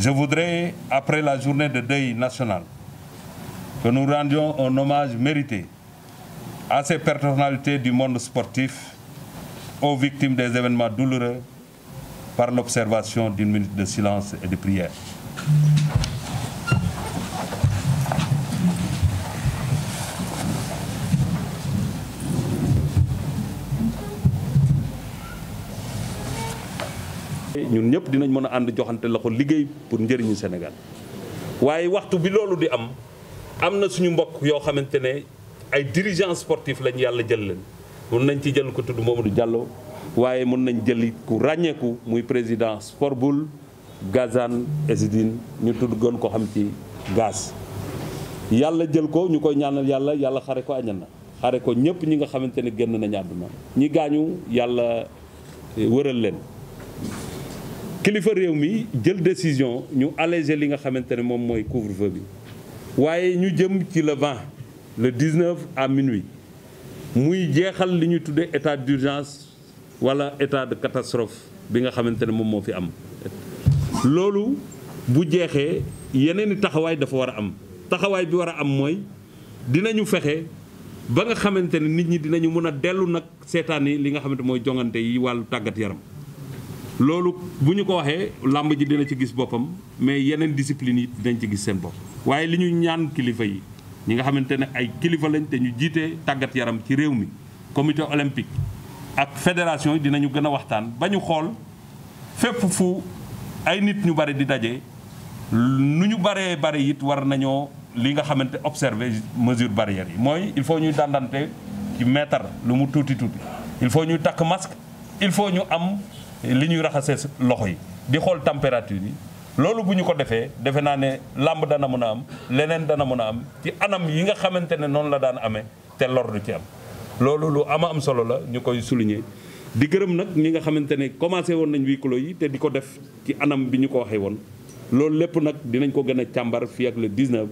Je voudrais, après la journée de deuil national, que nous rendions un hommage mérité à ces personnalités du monde sportif, aux victimes des événements douloureux, par l'observation d'une minute de silence et de prière. ñun ñëpp dinañ mën a ànd joxante la ko liggéey pour njëriñu Sénégal waaye waxtu bi loolu di am am na suñu mbokk yoo xamante ne ay dirigeants sportifs lañu yàlla jël leen mun nañ ci jël ko tudd du Diallo waaye mun nañ jëli ku ràññeeku muy président Sport bul Gazan Ezidine ñu tudd goon ko xam ci gaz yàlla jël ko ñu koy ñaanal yàlla yàlla xare ko añal na xare ko ñëpp ñi nga xamante ne génn nañu àdduna ñi gaañu yàlla eh, wëral leen kilifa réew mi jël décision ñu alléger li nga xamante ne moom mooy couvre-feu bi waaye ñu jëm ci le 20 le 19 à minuit muy jeexal li ñu tuddee état d'urgence wala état de catastrophe bi nga xamante ne moom moo fi am. loolu bu jeexee yeneen i taxawaay dafa war a am taxawaay bi war a am mooy dinañu fexe ba nga xamante ne nit ñi dinañu mën a dellu nag seetaani li nga xamante mooy jongante yi wàllu tàggat yaram. loolu bu ñu ko waxee làmb ji dina ci gis boppam mais yeneen discipline yi dinañ ci gis seen bopp waaye li ñuy ñaan kilifa yi ñi nga xamante ne ay kilifa lañ te ñu jiite tàggat yaram ci réew mi comité olympique ak fédération yi dinañu gën a waxtaan ba ñu xool fépp fu ay nit ñu bari di daje nu ñu baree bari it war nañoo li nga xamante observer mesure barrière yi mooy il faut ñuy dandante ci mètre lu mu tuuti tuuti il faut ñuy takk masque il faut ñu am li ñuy raxasee loxo yi di xool température yi loolu bu ñu ko defee defe naa ne làmb dana mën a am leneen dana mën a am ci anam yi nga xamante ne noonu la daan amee te lor du ci am loolu lu am am solo la ñu koy souligner di gërëm nag ñi nga xamante ne commencé woon nañ huis clos yi te di ko def ci anam bi ñu ko waxee woon loolu lépp nag dinañ ko gën a càmbar fii ak la 19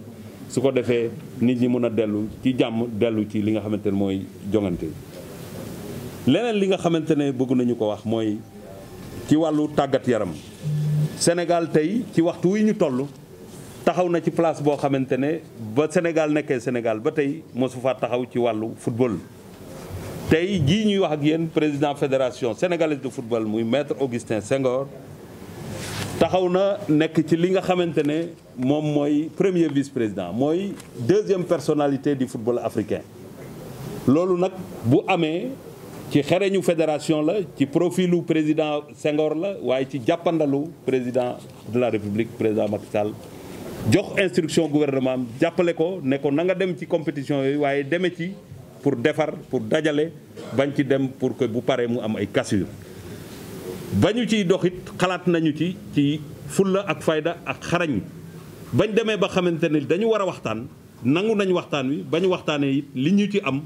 su ko defee nit ñi mën a dellu ci jàmm dellu ci li nga xamante ne mooy jongante leneen li nga xamante ne bëgg nañu ko wax mooy ci wàllu tàggat yaram Sénégal tey ci waxtu wi ñu toll taxaw na ci place boo xamante ne ba Sénégal nekkee Sénégal ba tey mosu faa taxaw ci wàllu football. tey jii ñuy wax ak yéen président fédération sénégalaise de football muy maître Augustin Senghor taxaw na nekk ci li nga xamante ne moom mooy premier vice président mooy deuxième personnalité di football africain loolu nag bu amee. ci xereñu fédération la ci profilu président sengoor la waaye ci jàppandalu président de la république président Macky Sall jox instruction gouvernement am jàppale ko ne ko na nga dem ci compétition yooyu waaye deme ci pour defar pour dajale bañ ci dem pour que bu paree mu am ay cassure bañu ci ciy dox it xalaat nañu ci ci fulla ak fayda ak xarañ bañ demee ba xamante ne dañu war a waxtaan nangu nañu waxtaan wi ba ñu waxtaanee it li ñu ci am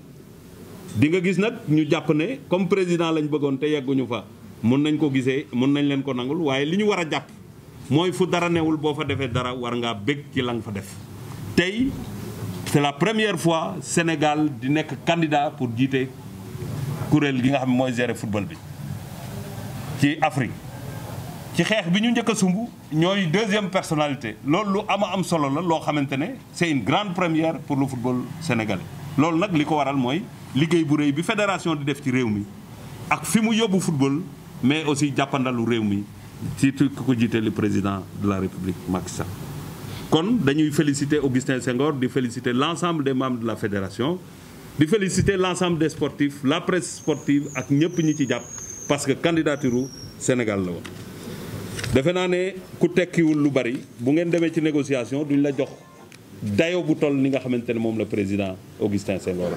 di nga gis nag ñu jàpp ne comme président lañ bëggoon te yegguñu fa mun nañ ko gisee mun nañ leen ko nangul waaye li ñu war a jàpp mooy fu dara newul boo fa defee dara war ngaa bëgg ci lang fa def tey c'est la première fois Sénégal di nekk candidat pour jiite kuréel gi nga xam mooy gérer football bi ci Afrique ci xeex bi ñu njëkk sumb ñooy deuxième personnalité loolu lu am am solo la loo xamante ne c'est une grande première pour lu football sénégalais loolu nag li ko waral mooy liggéey bu rëy bi fédération di def ci réew mi ak fi mu yóbbu football mais aussi jàppandalu réew mi surtout ku ko jiite le président de la république Macky Sall kon dañuy féliciter Augustin Senghor di féliciter l'ensemble des membres de la fédération di féliciter l'ensemble des sportifs la presse sportive ak ñëpp ñi ci jàpp parce que candidature u Sénégal la woon defe naa ne ku tekkiwul lu bari bu ngeen demee ci négociation duñ la jox dayo bu toll li nga xamante ne moom la président Augustin Senghor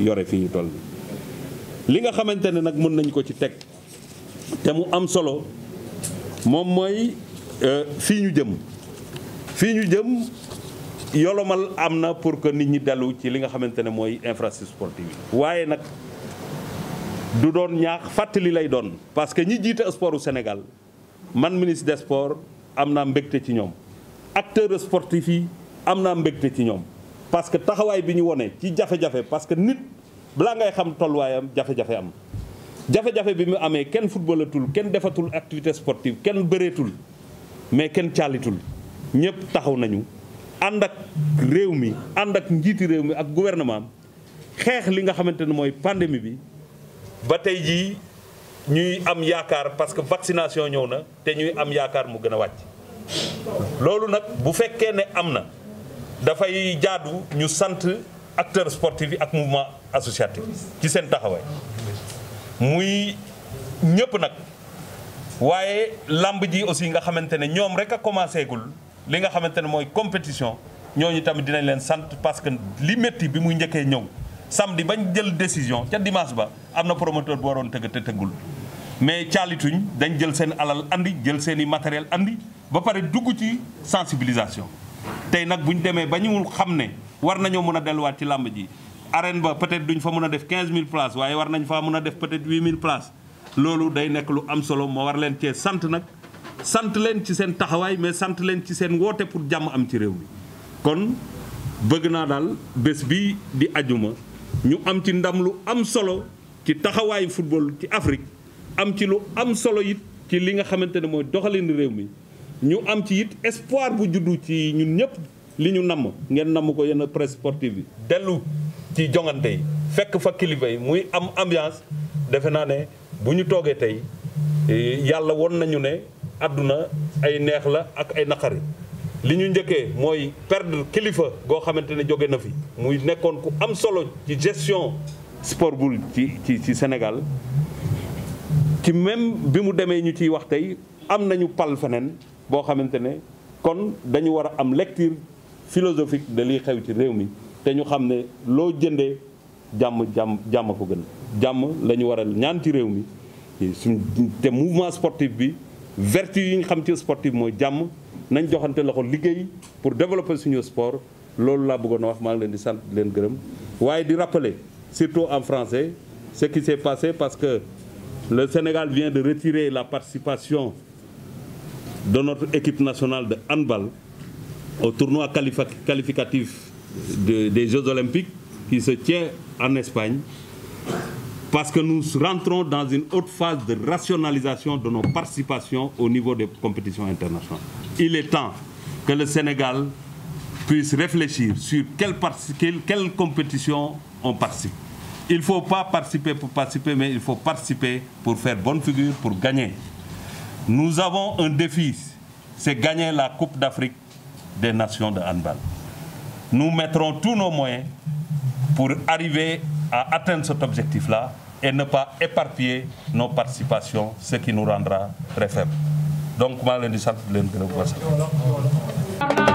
yore fii ñu toll li nga xamante ne nag mën nañ ko ci teg te mu am solo moom mooy euh, fii ñu jëm fii ñu jëm yolomal am na pour que nit ñi dellu ci li nga xamante ne mooy infrastructure sportive yi waaye nag du doon ñaax fàttali lay doon parce que ñi jiite sportu Sénégal man ministre des sports am naa mbégte ci ñoom acteurs sportifs yi am naa mbégte ci ñoom parce que taxawaay bi ñu wone ci jafe-jafe parce que nit balaa ngay xam tolluwaayam jafe-jafe am jafe-jafe bi mu amee kenn footballatul kenn defatul activité sportive kenn bëreetul mais kenn caalitul ñëpp taxaw nañu ànd ak réew mi ànd ak njiiti réew mi ak gouvernement xeex li nga xamante ne mooy pandémie bi ba tey jii ñuy am yaakaar parce que vaccination ñëw na te ñuy am yaakaar mu gën a wàcc loolu nag bu fekkee ne am na dafay jaadu ñu sant acteur sportifs yi ak mouvement associatif ci seen taxawaay muy ñëpp nag waaye làmb ji aussi nga xamante ne ñoom rek a commencé gul li nga xamante ne mooy compétition ñooñu tamit dinañ leen sant parce que li métti bi muy njëkkee ñëw samedi bañ jël décision ca dimanche ba am na promoteur bu waroon tëgg te tëggul mais caalituñ dañ jël seen alal andi jël seen i matériel andi ba pare dugg ci sensibilisation tey nag bu ñu demee ba ñu xam ne war nañoo mën a delluwaat ci làmb ji arène ba peut-être duñ fa mën a def 15000 places waaye war nañ faa mën a def peut-être 8000 places loolu day nekk lu am solo moo war leen cee sant nag sant leen ci seen taxawaay mais sant leen ci seen woote pour jàmm am ci réew mi kon bëgg naa daal bés bi di ajuma ñu am ci ndam lu am solo ci taxawaayu football ci Afrique am ci lu am solo it ci li nga xamante ne mooy doxalin réew mi ñu am ci it espoir bu juddu ci ñun ñëpp li ñu namm ngeen namm ko yenn presse sportive bi. dellu ci jongante yi fekk fa kilifa yi muy am ambiance defe naa ne bu ñu toogee tey eh, yàlla won nañu ne àdduna ay neex la ak ay naqari. li ñu njëkkee mooy perd kilifa goo xamante ne jóge na fi muy nekkoon ku am solo ci gestion sport bul ci ci ci Sénégal ci même bi mu demee ñu ciy wax tey am nañu pal feneen. boo xamante ne kon dañu war a am lecture philosophique de liy xew ci réew mi te ñu xam ne loo jëndee jàmm jàmm jàmm ko gën jàmm la ñu war a ñaan ci réew mi suñ te mouvement sportif bi vertu yi ñu xam ci sportif mooy jàmm nañ joxante loxo liggéey pour développer suñu sport loolu laa bëggoon a wax maa ngi leen di sant leen gërëm waaye di rappeler surtout en français ce qui s'est passé parce que le Sénégal vient de retirer la participation de notre équipe nationale de handball au tournoi qualificatif de, des Jeux olympiques qui se tient en Espagne parce que nous rentrons dans une autre phase de rationalisation de nos participations au niveau des compétitions internationales. Il est temps que le Sénégal puisse réfléchir sur quelle, quelle, quelle compétition on participe. Il ne faut pas participer pour participer, mais il faut participer pour faire bonne figure, pour gagner. Nous avons un défi, c'est gagner la Coupe d'Afrique des Nations de handball. Nous mettrons tous nos moyens pour arriver à atteindre cet objectif-là et ne pas éparpiller nos participations, ce qui nous rendra très faibles. Donc, moi, je vous